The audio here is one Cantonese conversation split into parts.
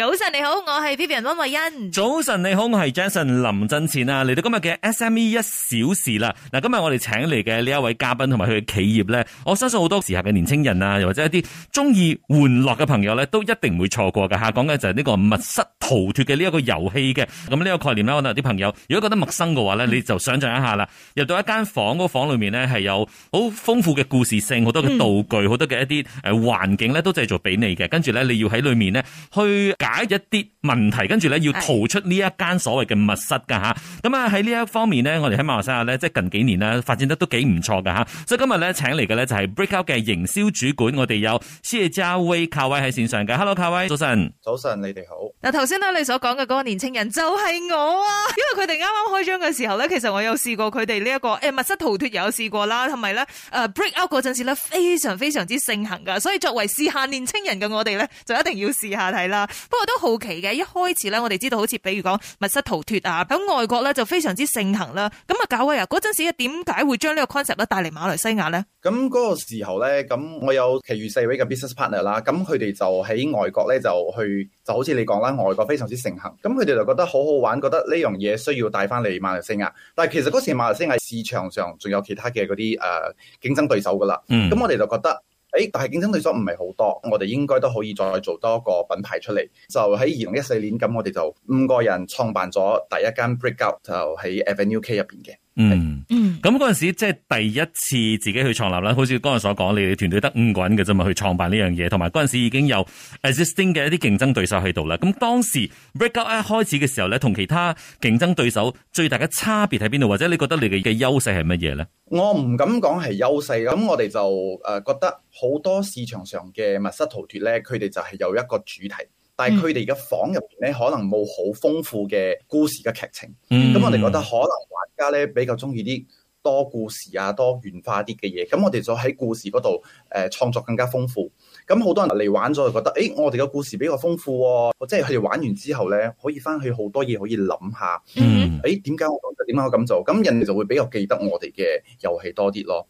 早晨你好，我係 Vivian 溫慧欣。早晨你好，我係 Jason 林振前啊！嚟到今日嘅 SME 一小時啦。嗱，今日我哋請嚟嘅呢一位嘉賓同埋佢嘅企業咧，我相信好多時下嘅年青人啊，又或者一啲中意玩樂嘅朋友咧，都一定唔會錯過嘅吓。講嘅就係呢個密室逃脫嘅呢一個遊戲嘅，咁呢個概念咧，可能有啲朋友如果覺得陌生嘅話咧，你就想象一下啦，入到一間房，嗰房裏面咧，係有好豐富嘅故事性，好多嘅道具，好、嗯、多嘅一啲誒環境咧，都製造俾你嘅。跟住咧，你要喺裏面咧去解一啲問題，跟住咧要逃出呢一間所謂嘅密室㗎嚇。咁啊喺呢一方面咧，我哋喺馬來西亞咧，即係近幾年咧發展得都幾唔錯㗎嚇。所以今日咧請嚟嘅咧就係 Breakout 嘅營銷主管，我哋有薛家威、卡威喺線上嘅。Hello，卡威早晨，早晨，你哋好。嗱頭先咧你所講嘅嗰個年青人就係我啊，因為佢哋啱啱開張嘅時候咧，其實我有試過佢哋呢一個誒密室逃脫有試過啦，同埋咧誒 Breakout 嗰陣時咧非常非常之盛行㗎，所以作為試下年青人嘅我哋咧，就一定要試下睇啦。我都好奇嘅，一開始咧，我哋知道好似比如講密室逃脱啊，喺外國咧就非常之盛行啦。咁啊，搞威啊，嗰陣時點解會將呢個 concept 帶嚟馬來西亞咧？咁嗰個時候咧，咁我有其餘四位嘅 business partner 啦，咁佢哋就喺外國咧就去，就好似你講啦，外國非常之盛行，咁佢哋就覺得好好玩，覺得呢樣嘢需要帶翻嚟馬來西亞。但係其實嗰時馬來西亞市場上仲有其他嘅嗰啲誒競爭對手噶啦，咁、嗯、我哋就覺得。誒，但是競爭對手唔係好多，我哋應該都可以再做多個品牌出嚟。就喺二零一四年，咁我哋就五個人創辦咗第一間 Breakout，就喺 Avenue K 入便嘅。是嗯，嗯，咁嗰陣時即係第一次自己去創立啦。好似剛才所講，你哋團隊得五個人嘅啫嘛，去創辦呢樣嘢。同埋嗰陣時已經有 existing 嘅一啲競爭對手喺度啦。咁當時 break up 開始嘅時候咧，同其他競爭對手最大嘅差別喺邊度，或者你覺得你嘅嘅優勢係乜嘢咧？我唔敢講係優勢咁，我哋就誒覺得好多市場上嘅密室逃脫咧，佢哋就係有一個主題。但係佢哋嘅房入邊咧，可能冇好豐富嘅故事嘅劇情。咁、mm hmm. 我哋覺得可能玩家咧比較中意啲多故事啊、多元化啲嘅嘢。咁我哋就喺故事嗰度誒創作更加豐富。咁好多人嚟玩咗就覺得，誒、欸、我哋嘅故事比較豐富喎、啊，即係佢哋玩完之後咧可以翻去好多嘢可以諗下。誒點解我覺得點解我咁做？咁人哋就會比較記得我哋嘅遊戲多啲咯。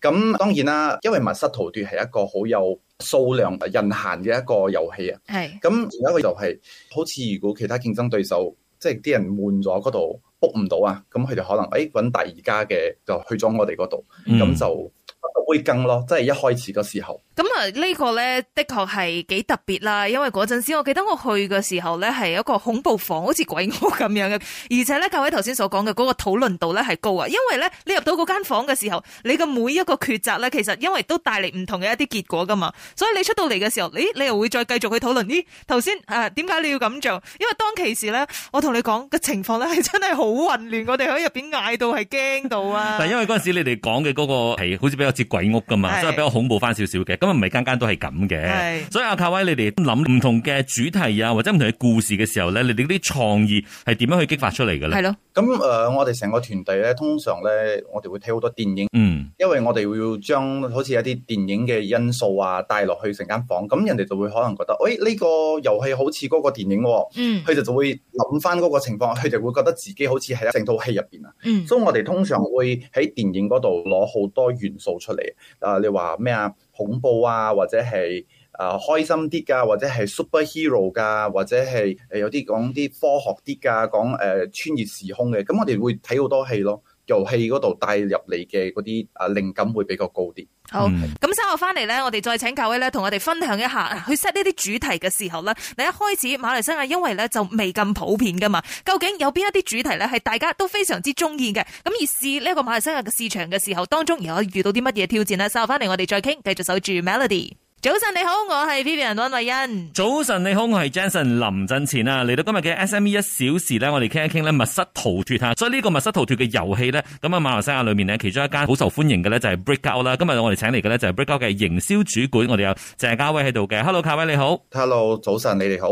咁、mm hmm. 當然啦，因為密室逃脱係一個好有。數量人閒嘅一個遊戲啊，係咁，另一個就係、是，好似如果其他競爭對手，即係啲人悶咗嗰度 book 唔到啊，咁佢哋可能誒揾第二家嘅就去咗我哋嗰度，咁就。嗯會更咯，即係一開始嘅時候。咁啊，呢個呢，的確係幾特別啦，因為嗰陣時我記得我去嘅時候呢，係一個恐怖房，好似鬼屋咁樣嘅，而且呢，各位頭先所講嘅嗰個討論度呢，係高啊，因為呢，你入到嗰間房嘅時候，你嘅每一個抉擇呢，其實因為都帶嚟唔同嘅一啲結果噶嘛，所以你出到嚟嘅時候，咦，你又會再繼續去討論咦，頭先啊？點解你要咁做？因為當其時呢，我同你講嘅情況呢，係真係好混亂，我哋喺入邊嗌到係驚到啊！ 但因為嗰陣時你哋講嘅嗰個係好似比較。似鬼屋噶嘛，是所以比較恐怖翻少少嘅。咁啊，唔係間間都係咁嘅。所以阿卡威，你哋諗唔同嘅主題啊，或者唔同嘅故事嘅時候咧，你哋啲創意係點樣去激發出嚟嘅咧？係咯的。咁誒、呃，我哋成個團隊咧，通常咧，我哋會睇好多電影。嗯，因為我哋會將好似一啲電影嘅因素啊，帶落去成間房。咁人哋就會可能覺得，誒、哎、呢、這個遊戲好似嗰個電影、哦。嗯。佢就就會諗翻嗰個情況，佢就會覺得自己好似喺一整套戲入邊啊。嗯、所以我哋通常會喺電影嗰度攞好多元素。出嚟啊！你話咩啊？恐怖啊，或者係啊、呃、開心啲噶，或者係 super hero 噶，或者係誒，有啲講啲科學啲噶，講誒、呃、穿越時空嘅，咁我哋會睇好多戲咯。遊戲嗰度帶入嚟嘅嗰啲啊靈感會比較高啲。好，咁稍後翻嚟咧，我哋再請各位咧同我哋分享一下，去 set 呢啲主題嘅時候咧，第一開始馬來西亞因為咧就未咁普遍噶嘛，究竟有邊一啲主題咧係大家都非常之中意嘅？咁而試呢個馬來西亞嘅市場嘅時候當中，又遇到啲乜嘢挑戰呢？稍後翻嚟，我哋再傾，繼續守住 Melody。早晨你好，我係 Vivian 溫慧欣。早晨你好，我係 Jensen 林振前啊！嚟到今日嘅 SME 一小時呢，我哋傾一傾咧密室逃脫啊！所以呢個密室逃脫嘅遊戲呢，咁啊馬來西亞裏面呢，其中一間好受歡迎嘅呢就係 Breakout 啦。今日我哋請嚟嘅呢就係 Breakout 嘅營銷主管，我哋有鄭家威喺度嘅。Hello，卡威你好。Hello，早晨你哋好。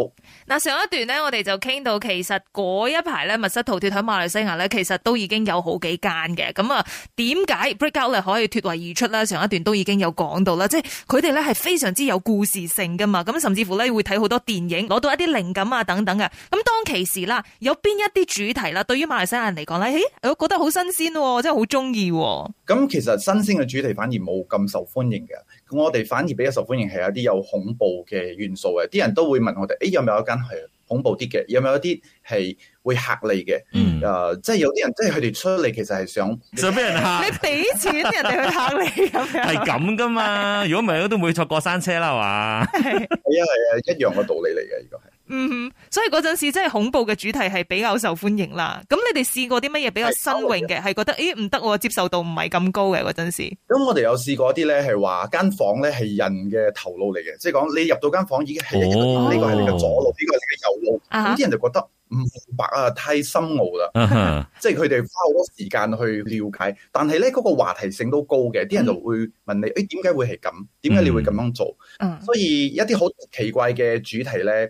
嗱，上一段呢，我哋就傾到其實嗰一排呢，密室逃脫喺馬來西亞呢，其實都已經有好幾間嘅。咁啊，點解 Breakout 呢可以脫圍而出呢？上一段都已經有講到啦，即係佢哋呢係非非常之有故事性噶嘛，咁甚至乎咧會睇好多電影，攞到一啲靈感啊等等嘅。咁當其時啦，有邊一啲主題啦，對於馬來西亞人嚟講咧，誒、哎，我覺得好新鮮，真係好中意。咁其實新鮮嘅主題反而冇咁受歡迎嘅，咁我哋反而比較受歡迎係有啲有恐怖嘅元素嘅，啲人都會問我哋，誒、哎，有冇有有一間係？恐怖啲嘅，有冇一啲係會嚇你嘅？誒、嗯，即係、呃就是、有啲人，即係佢哋出嚟其實係想想俾人嚇 你，你俾錢人哋去嚇你咁 樣，係咁㗎嘛？如果唔係都唔會坐過山車啦，係 嘛？ 係啊，係啊，一樣嘅道理嚟嘅，依個係。嗯，所以嗰陣時真係恐怖嘅主題係比較受歡迎啦。咁你哋試過啲乜嘢比較新穎嘅？係的覺得誒唔得，我接受度唔係咁高嘅嗰陣時。咁我哋有試過啲咧，係話間房咧係人嘅頭腦嚟嘅，即係講你入到間房間已經係呢個係、哦、你嘅左腦，呢、這個係你嘅右腦。咁啲、啊、哈人就覺得唔明白啊，太深奧啦，即係佢哋花好多時間去了解。但係咧嗰個話題性都高嘅，啲人就會問你：誒、嗯，點解會係咁？點解你會咁樣做？嗯、所以一啲好奇怪嘅主題咧。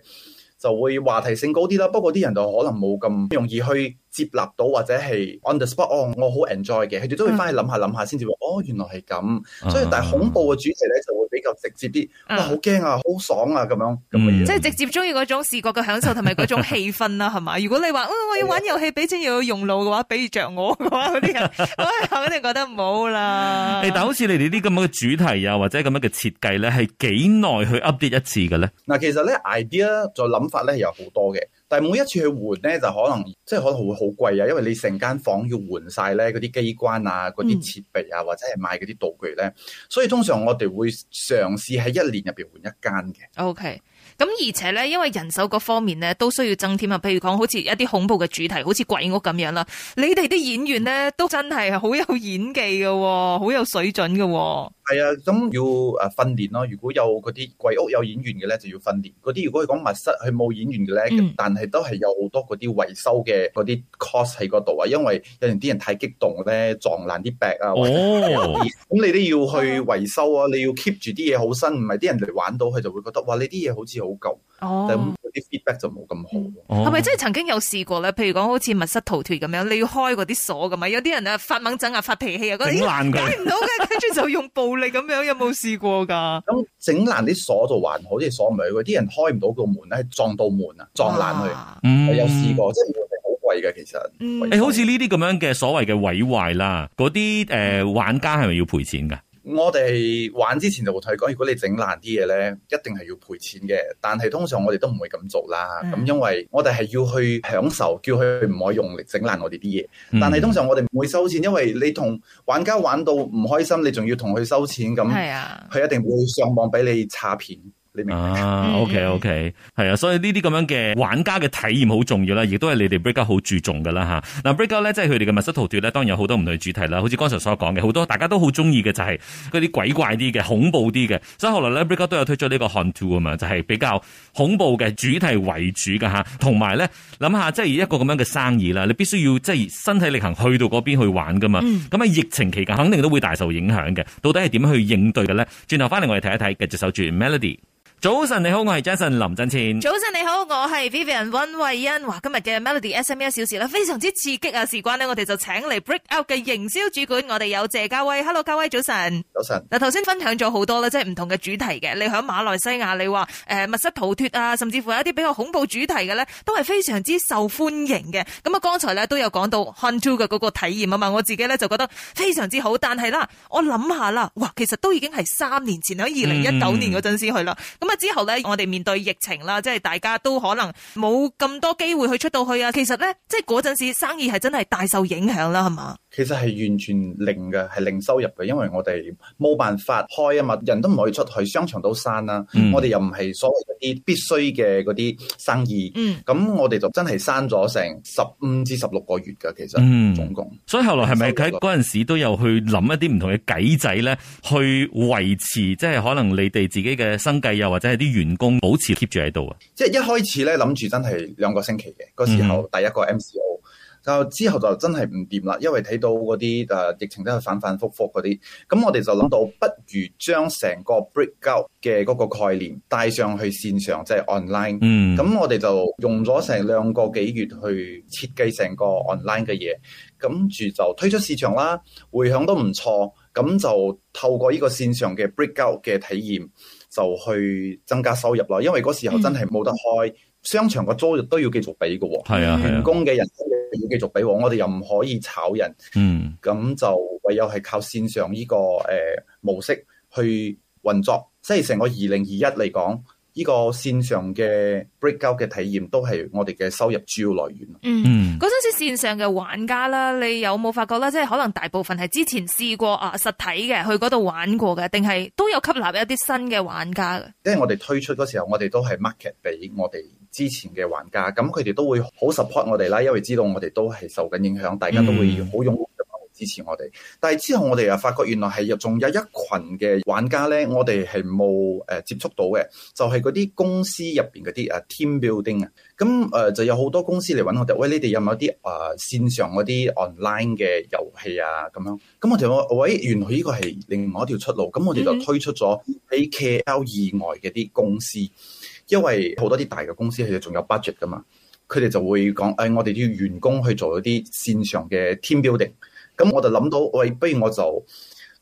就會話題性高啲啦，不過啲人就可能冇咁容易去。接納到或者係 on the spot，哦，我好 enjoy 嘅，佢哋都會翻去諗下諗下先至會，哦，原來係咁。所以但係恐怖嘅主題咧就會比較直接啲，哇、哦，好驚、嗯哦、啊，好爽啊咁樣咁嘅嘢。嗯、即係直接中意嗰種視覺嘅享受同埋嗰種氣氛啊，係嘛？ 如果你話、哦，我要玩遊戲，俾錢又要用腦嘅話，俾着我嘅話，啲人、 哎、我肯定覺得唔好啦。誒，但係好似你哋啲咁樣嘅主題啊，或者咁樣嘅設計咧，係幾耐去 update 一次嘅咧？嗱，其實咧 idea 再諗法咧有好多嘅。但係每一次去換咧，就可能即係、就是、可能會好貴啊，因為你成間房要換晒咧嗰啲機關啊、嗰啲設備啊，嗯、或者係買嗰啲道具咧，所以通常我哋會嘗試喺一年入邊換一間嘅。OK。咁而且咧，因為人手各方面咧都需要增添啊。譬如講，好似一啲恐怖嘅主題，好似鬼屋咁樣啦。你哋啲演員咧都真係好有演技嘅，哦，好有水準嘅，哦。係啊，咁要誒訓練咯。如果有嗰啲鬼屋有演員嘅咧，就要訓練。嗰啲如果係講密室，去冇演員嘅咧，嗯、但係都係有好多嗰啲維修嘅嗰啲 cost 喺嗰度啊。因為有陣啲人太激動咧，撞爛啲壁啊。咁你都要去維修啊。你要 keep 住啲嘢，好新，唔係啲人嚟玩到，佢就會覺得哇，你啲嘢好似好。好舊，咁啲 feedback 就冇咁好。係咪即係曾經有試過咧？譬如講好似密室逃脫咁樣，你要開嗰啲鎖噶嘛？有啲人啊發猛震啊發脾氣啊，好爛嘅開唔到嘅，跟住 就用暴力咁樣。有冇試過噶？咁整爛啲鎖就還好啲，鎖唔係啲人開唔到個門咧，係撞到門啊撞爛去。啊嗯、有試過，試過好貴嘅其實的。誒、嗯欸，好似呢啲咁樣嘅所謂嘅毀壞啦，嗰啲誒玩家係咪要賠錢噶？我哋玩之前就會同佢講，如果你整爛啲嘢呢，一定係要賠錢嘅。但係通常我哋都唔會咁做啦，咁是的 因為我哋係要去享受，叫佢唔可以用力整爛我哋啲嘢。但係通常我哋唔會收錢，因為你同玩家玩到唔開心，你仲要同佢收錢咁，佢一定會上網俾你差片。啊、嗯，OK OK，係啊，所以呢啲咁樣嘅玩家嘅體驗好重要啦，亦都係你哋 Breaker 好注重噶啦吓。嗱 Breaker 咧，啊、Break Out，即係佢哋嘅密室逃脫咧，當然有好多唔同嘅主題啦，好似剛才所講嘅，好多大家都好中意嘅就係嗰啲鬼怪啲嘅、恐怖啲嘅。所以後來咧，Breaker 都有推出呢個 Hunt Two 啊嘛，就係比較恐怖嘅主題為主噶吓。同埋咧，諗下即係一個咁樣嘅生意啦，你必須要即係身體力行去到嗰邊去玩噶嘛。咁、啊、喺、嗯、疫情期間，肯定都會大受影響嘅。到底係點樣去應對嘅咧？轉頭翻嚟，我哋睇一睇繼續守住 Melody。早晨，你好，我係 Jason 林振前。早晨，你好，我係 Vivian 溫慧欣。哇，今日嘅 Melody SME 一小時非常之刺激啊！事關咧，我哋就請嚟 Breakout 嘅營銷主管，我哋有謝家威。Hello，家威，早晨。早晨。嗱，頭先分享咗好多啦，即係唔同嘅主題嘅。你響馬來西亞，你話誒密室逃脫啊，甚至乎有一啲比較恐怖主題嘅咧，都係非常之受歡迎嘅。咁啊，剛才咧都有講到 Hunt Two 嘅嗰個體驗啊嘛，我自己咧就覺得非常之好。但係啦，我諗下啦，哇，其實都已經係三年前喺二零一九年嗰陣先去啦。咁、嗯。咁之後咧，我哋面對疫情啦，即係大家都可能冇咁多機會去出到去啊。其實咧，即係嗰陣時生意係真係大受影響啦，係嘛？其實係完全零嘅，係零收入嘅，因為我哋冇辦法開啊嘛，人都唔可以出去，商場都閂啦。嗯、我哋又唔係所謂啲必須嘅嗰啲生意，咁、嗯、我哋就真係閂咗成十五至十六個月噶，其實，總共、嗯。所以後來係咪喺嗰陣時候都有去諗一啲唔同嘅計仔咧，去維持，即係可能你哋自己嘅生計又或者係啲員工保持 keep 住喺度啊？即係一開始咧諗住真係兩個星期嘅嗰時候，第一個 MCO 就之後就真係唔掂啦，因為睇到嗰啲疫情真係反反覆覆嗰啲，咁我哋就諗到不如將成個 breakout 嘅嗰個概念帶上去線上，即係 online。Mm. 咁我哋就用咗成兩個幾月去設計成個 online 嘅嘢，咁住就推出市場啦，回響都唔錯。咁就透過呢個線上嘅 breakout 嘅體驗，就去增加收入啦。因為嗰時候真係冇得開。Mm. 商場嘅租亦都要繼續俾嘅，係啊，啊、員工嘅人工要繼續俾，我哋又唔可以炒人，嗯，咁就唯有係靠線上呢、這個誒、呃、模式去運作，即係成個二零二一嚟講。呢個線上嘅 breakout 嘅體驗都係我哋嘅收入主要來源。嗯，嗰陣時線上嘅玩家啦，你有冇發覺咧？即係可能大部分係之前試過啊實體嘅去嗰度玩過嘅，定係都有吸納一啲新嘅玩家嘅。因為我哋推出嗰時候，我哋都係 market 俾我哋之前嘅玩家，咁佢哋都會好 support 我哋啦，因為知道我哋都係受緊影響，大家都會好用。嗯支持我哋，但係之後我哋又發覺原來係又仲有一群嘅玩家咧，我哋係冇誒接觸到嘅，就係嗰啲公司入邊嗰啲誒 team building 啊。咁誒就有好多公司嚟揾我哋，喂，你哋有冇啲誒線上嗰啲 online 嘅遊戲啊？咁樣咁我哋話喂，原來呢個係另外一條出路。咁我哋就推出咗喺 KL 以外嘅啲公司，因為好多啲大嘅公司係仲有 budget 噶嘛，佢哋就會講誒，哎，我哋啲員工去做一啲線上嘅 team building。咁我就諗到，喂，不如我就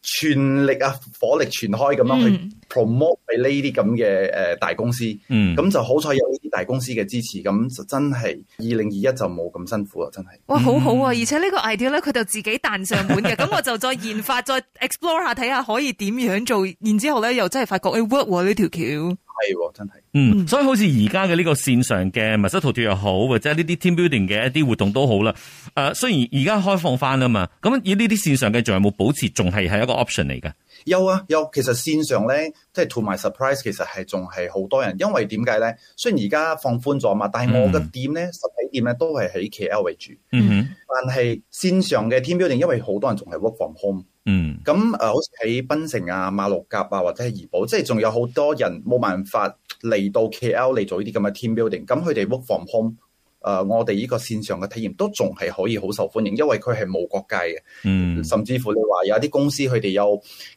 全力啊，火力全開咁樣、嗯、去 promote 俾呢啲咁嘅誒大公司，咁、嗯、就好彩有呢啲大公司嘅支持，咁真係二零二一就冇咁辛苦啦，真係。哇，好好啊！嗯、而且呢個 idea 咧，佢就自己彈上門嘅，咁我就再研發， 再 explore 下，睇下可以點樣做，然之後咧又真係發覺誒 work 呢條橋。係，真係。嗯，所以好似而家嘅呢個線上嘅密室逃脫又好，或者呢啲 team building 嘅一啲活動都好啦。誒、啊，雖然而家開放翻啦嘛，咁以呢啲線上嘅仲有冇保持，仲係係一個 option 嚟㗎？有啊，有。其實線上咧，即係 to my surprise，其實係仲係好多人。因為點解咧？雖然而家放寬咗嘛，但係我嘅店咧，實體店咧都係喺 KL 為主。嗯哼。但係線上嘅 team building，因為好多人仲係 work from home。嗯，咁誒、呃，好似喺檳城啊、馬六甲啊，或者係怡保，即係仲有好多人冇辦法嚟到 KL 嚟做呢啲咁嘅 team building。咁佢哋 work from home，誒，我哋呢個線上嘅體驗都仲係可以好受歡迎，因為佢係冇國界嘅。嗯，甚至乎你話有一啲公司佢哋有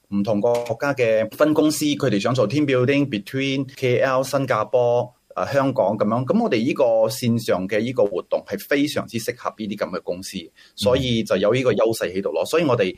唔同個國家嘅分公司，佢哋想做 team building between KL、新加坡、誒、呃、香港咁樣。咁我哋呢個線上嘅呢個活動係非常之適合呢啲咁嘅公司，所以就有呢個優勢喺度咯。所以我哋。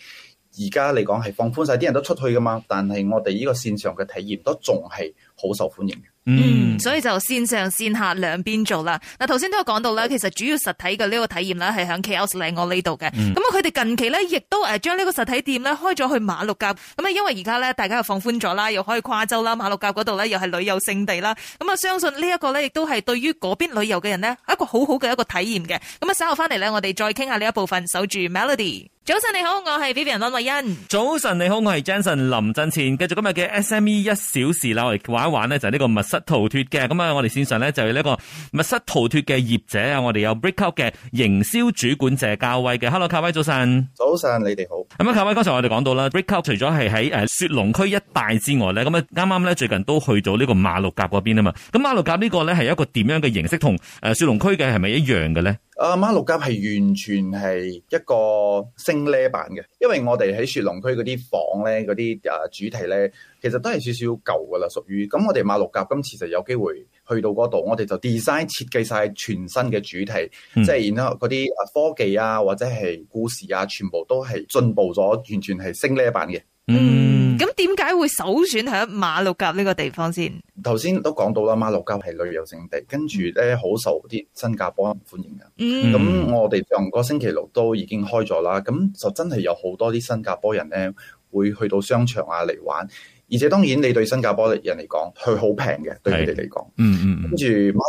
而家嚟講係放寬晒，啲人都出去噶嘛，但係我哋呢個線上嘅體驗都仲係好受歡迎嘅。嗯，所以就線上線下兩邊做啦。嗱，頭先都有講到啦，其實主要實體嘅呢個體驗咧係響 Kios Lounge 呢度嘅。咁啊、嗯，佢哋近期咧亦都誒將呢個實體店咧開咗去馬六甲。咁啊，因為而家咧大家又放寬咗啦，又可以跨州啦，馬六甲嗰度咧又係旅遊勝地啦。咁啊，相信呢一個咧亦都係對於嗰邊旅遊嘅人呢，一個好好嘅一個體驗嘅。咁啊，稍後翻嚟咧，我哋再傾下呢一部分守住 Melody。早晨你好，我係 Vivian 安慧欣。早晨你好，我係 Jensen 林振前。繼續今日嘅 S M E 一小時啦，我哋玩一玩呢，就係呢個密室逃脫嘅。咁啊，我哋線上呢，就係呢個密室逃脫嘅業者啊，我哋有 Breakout 嘅營銷主管謝教威嘅。Hello，教威早晨。早晨，你哋好。咁啊，教威剛才我哋講到啦，Breakout 除咗係喺誒雪龍區一帶之外咧，咁啊啱啱咧最近都去咗呢個馬六甲嗰邊啊嘛。咁馬六甲呢個咧係一個點樣嘅形式同誒雪龍區嘅係咪一樣嘅咧？啊、馬六甲係完全係一個升 level 版嘅，因為我哋喺雪龍區嗰啲房咧，嗰啲啊主題咧，其實都係少少舊噶啦，屬於咁我哋馬六甲今次就有機會去到嗰度，我哋就 design 設計晒全新嘅主題，嗯、即係然後嗰啲科技啊或者係故事啊，全部都係進步咗，完全係升 level 版嘅。嗯咁點解會首選喺馬六甲呢個地方先？頭先都講到啦，馬六甲係旅遊勝地，跟住咧好受啲新加坡人歡迎嘅。咁、mm hmm. 我哋上個星期六都已經開咗啦，咁就真係有好多啲新加坡人咧會去到商場啊嚟玩，而且當然你對新加坡人嚟講，佢好平嘅，對佢哋嚟講。嗯嗯、mm。跟住。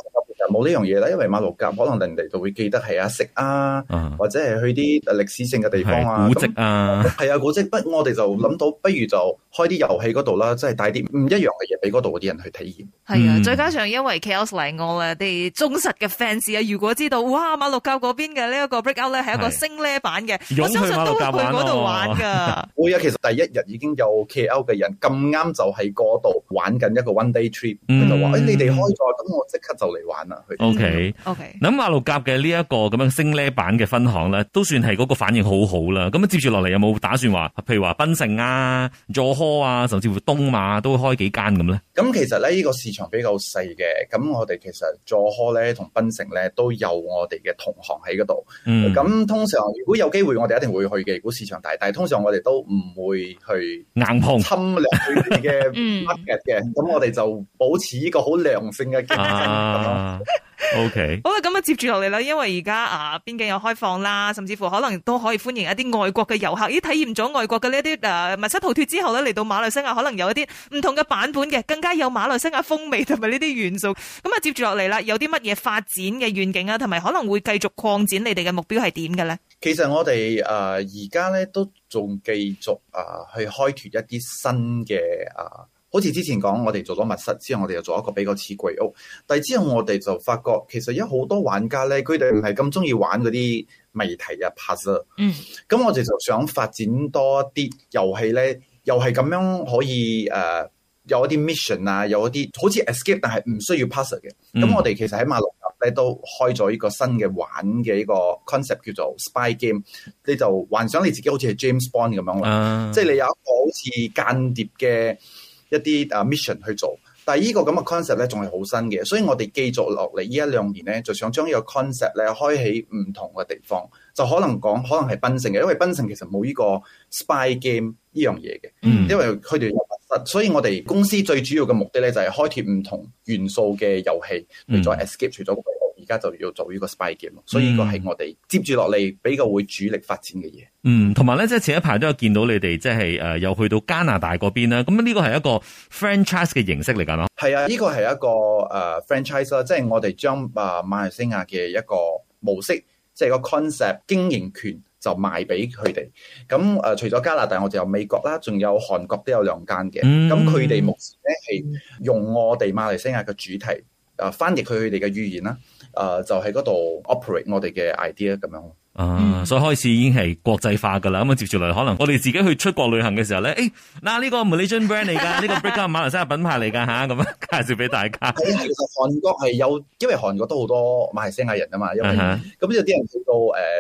冇呢樣嘢啦，因為馬六甲可能人哋就會記得係啊食啊，uh huh. 或者係去啲誒歷史性嘅地方啊，古跡啊，係、嗯、啊古跡。不，我哋就諗到，不如就開啲遊戲嗰度啦，即、就、係、是、帶啲唔一樣嘅嘢俾嗰度嗰啲人去體驗。係啊，再、嗯、加上因為 KOL 嚟我哋忠實嘅 fans 啊，如果知道哇馬六甲嗰邊嘅呢一個 breakout 咧係一個升咧版嘅，啊、我相信都會去嗰度玩㗎。會啊，其實第一日已經有 KOL 嘅人咁啱就喺嗰度玩緊一個 one day trip，佢、嗯、就話誒、哎、你哋開咗，咁我即刻就嚟玩啦。O K，O K，咁馬六甲嘅呢一個咁樣升咧版嘅分行咧，都算係嗰個反應好好啦。咁、嗯、啊，接住落嚟有冇打算話，譬如話檳城啊、佐科啊，甚至乎東馬都會開幾間咁咧？咁、嗯嗯、其實咧，呢個市場比較細嘅。咁我哋其實佐科咧同檳城咧都有我哋嘅同行喺嗰度。嗯，咁通常如果有機會，我哋一定會去嘅。如果市場大，大，但係通常我哋都唔會去硬碰侵略佢哋嘅 market 嘅。咁、 嗯、我哋就保持呢個好良性嘅競爭咁 O Okay . K，好啦，咁啊接住落嚟啦，因為而家啊邊境有開放啦，甚至乎可能都可以歡迎一啲外國嘅遊客，咦，體驗咗外國嘅呢一啲誒密室逃脫之後咧，嚟到馬來西亞可能有一啲唔同嘅版本嘅，更加有馬來西亞風味同埋呢啲元素。咁啊接住落嚟啦，有啲乜嘢發展嘅願景啊，同埋可能會繼續擴展你哋嘅目標係點嘅咧？其實我哋誒而家咧都仲繼續啊、呃、去開拓一啲新嘅啊。呃好似之前講，我哋做咗密室之後，我哋又做一個比較似鬼屋。但係之後我哋就發覺，其實有好多玩家咧，佢哋唔係咁中意玩嗰啲謎題嘅、啊、pass。嗯，咁我哋就想發展多啲遊戲咧，又係咁樣可以誒、呃，有一啲 mission 啊，有一啲好似 escape，但係唔需要 pass 嘅、er。咁、嗯、我哋其實喺馬六甲咧都開咗一個新嘅玩嘅一個 concept 叫做 spy game。你就幻想你自己好似係 James Bond 咁樣啦，啊、即係你有一個好似間諜嘅。一啲啊 mission 去做，但係呢個咁嘅 concept 咧仲係好新嘅，所以我哋繼續落嚟呢一兩年咧，就想將呢個 concept 咧開起唔同嘅地方，就可能講可能係檳城嘅，因為檳城其實冇呢個 spy game 呢樣嘢嘅，mm. 因為佢哋有密室，所以我哋公司最主要嘅目的咧就係開闢唔同元素嘅遊戲，再 escape 除咗。而家就要做呢個 spy game，所以呢個係我哋接住落嚟比較會主力發展嘅嘢。嗯，同埋咧，即係前一排都有見到你哋，即係誒、呃，又去到加拿大嗰邊啦。咁呢個係一個 franchise 嘅形式嚟噶嘛？係啊，呢個係一個誒、uh, franchise 即係我哋將誒馬來西亞嘅一個模式，即係個 concept 經營權就賣俾佢哋。咁誒、呃，除咗加拿大，我哋有美國啦，仲有韓國都有兩間嘅。咁佢哋目前咧係用我哋馬來西亞嘅主題誒、呃，翻譯佢佢哋嘅語言啦。誒、uh, 就喺嗰度 operate 我哋嘅 idea 咁樣、啊嗯、所以開始已經係國際化㗎喇。咁啊接住嚟可能我哋自己去出國旅行嘅時候呢，誒嗱呢個 Malaysian brand 嚟㗎，呢個 Bricka 馬來西亞品牌嚟㗎嚇，咁、 啊、介紹俾大家。其實韓國係有，因為韓國都好多馬來西亞人㗎嘛，咁、uh huh. 有啲人去到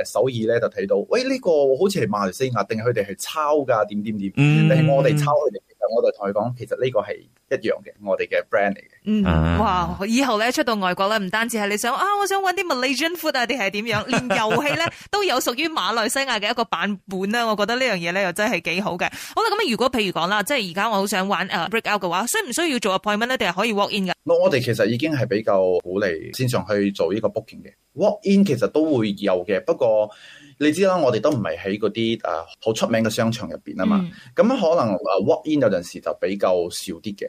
首爾、呃、呢，就睇到，喂呢、呢個好似係馬來西亞定係佢哋係抄㗎點點點，定係我哋抄佢哋，其實我就同佢講，其實呢個係。一樣嘅，我哋嘅 brand 嚟嘅。嗯，哇！以後咧出到外國咧，唔單止係你想啊，我想揾啲 Malaysian Food 啊，定係點樣？連遊戲咧都有屬於馬來西亞嘅一個版本啦。我覺得這件事呢樣嘢咧又真係幾好嘅。好啦，咁如果譬如講啦，即係而家我好想玩誒、uh, breakout 嘅話，需唔需要做 appointment 咧？定係可以 walk in 嘅？我哋其實已經係比較鼓勵線上去做呢個 booking 嘅 walk in，其實都會有嘅。不過你知啦，我哋都唔係喺嗰啲誒好出名嘅商場入邊啊嘛，咁、嗯、可能誒 walk in 有陣時就比較少啲嘅。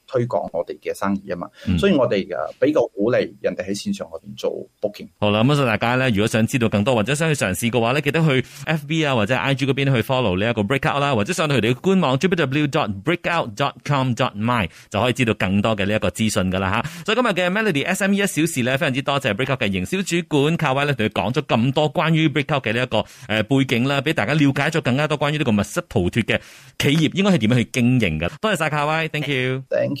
推廣我哋嘅生意啊嘛，所以我哋啊比較鼓勵人哋喺線上嗰邊做 booking。好啦，咁所以大家咧，如果想知道更多或者想去嘗試嘅話咧，記得去 FB 啊或者 IG 嗰邊去 follow 呢一個 Breakout 啦，或者上到佢哋嘅官網 www.breakout.com.my 就可以知道更多嘅呢一個資訊噶啦嚇。所以今日嘅 Melody SME 一小時咧，非常之多謝 Breakout 嘅營銷主管卡威咧，同佢講咗咁多關於 Breakout 嘅呢一個誒背景啦，俾大家瞭解咗更加多關於呢個密室逃脫嘅企業應該係點樣去經營㗎。多謝曬卡威，thank you，thank